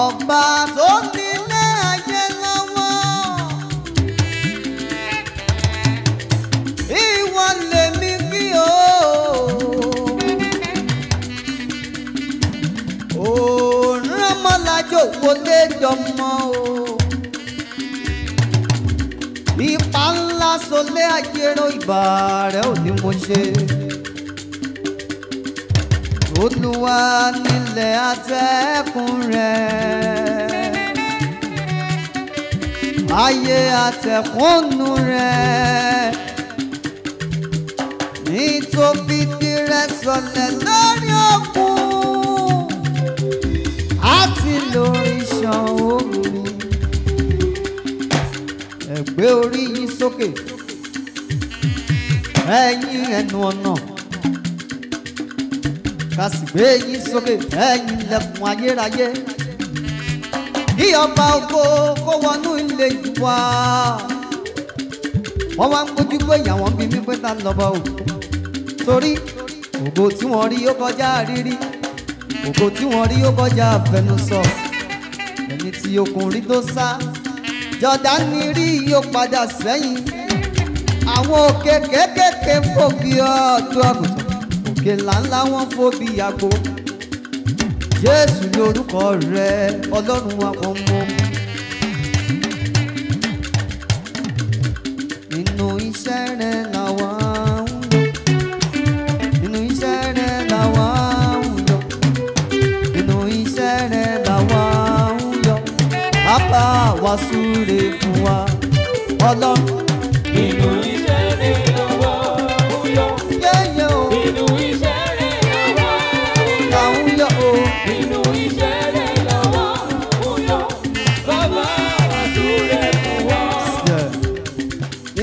ọba tó nílé ayé lọ́wọ́ ìwọ lèmi kí o òòrùn ọmọlájò wọlé dọmọ o ipa ńlá sọlé ajérò ìbà rẹ ò ní mo ṣe olúwa nílẹ̀ atẹ́kùn rẹ̀. ayé àtẹ̀kùnú rẹ̀ ní tó fi tirẹ̀ sọlẹ̀ lórí òkun àti lórí ṣan omi ẹ gbé orí yín sókè ẹ̀yin ẹnu ọ̀nà kásìgbé yín kí ọba ògo kó wọnú ilé wa wọ́n wá ń gbójú pé ìyàwó ń bí mi pé ta lọ́ba o torí ògo tí wọ́n rí ó kọjá rírí ògo tí wọ́n rí ó kọjá àfẹnusọ ẹni tí okùn tó sá Jọ́dánì rí yóò padà sẹ́yìn àwọn òkè kéékèèké fòbí ọdún àgùntàn òkè ńláńlá wọn fòbí àgbo. Jésù lórúkọ rẹ ọlọ́run àwọn ọmọ. nínú iṣẹ́ rẹ làwa ń lọ nínú iṣẹ́ rẹ làwa ń lọ nínú iṣẹ́ rẹ làwa ń lọ bàbá wa súre fún wa ọlọ́run nínú.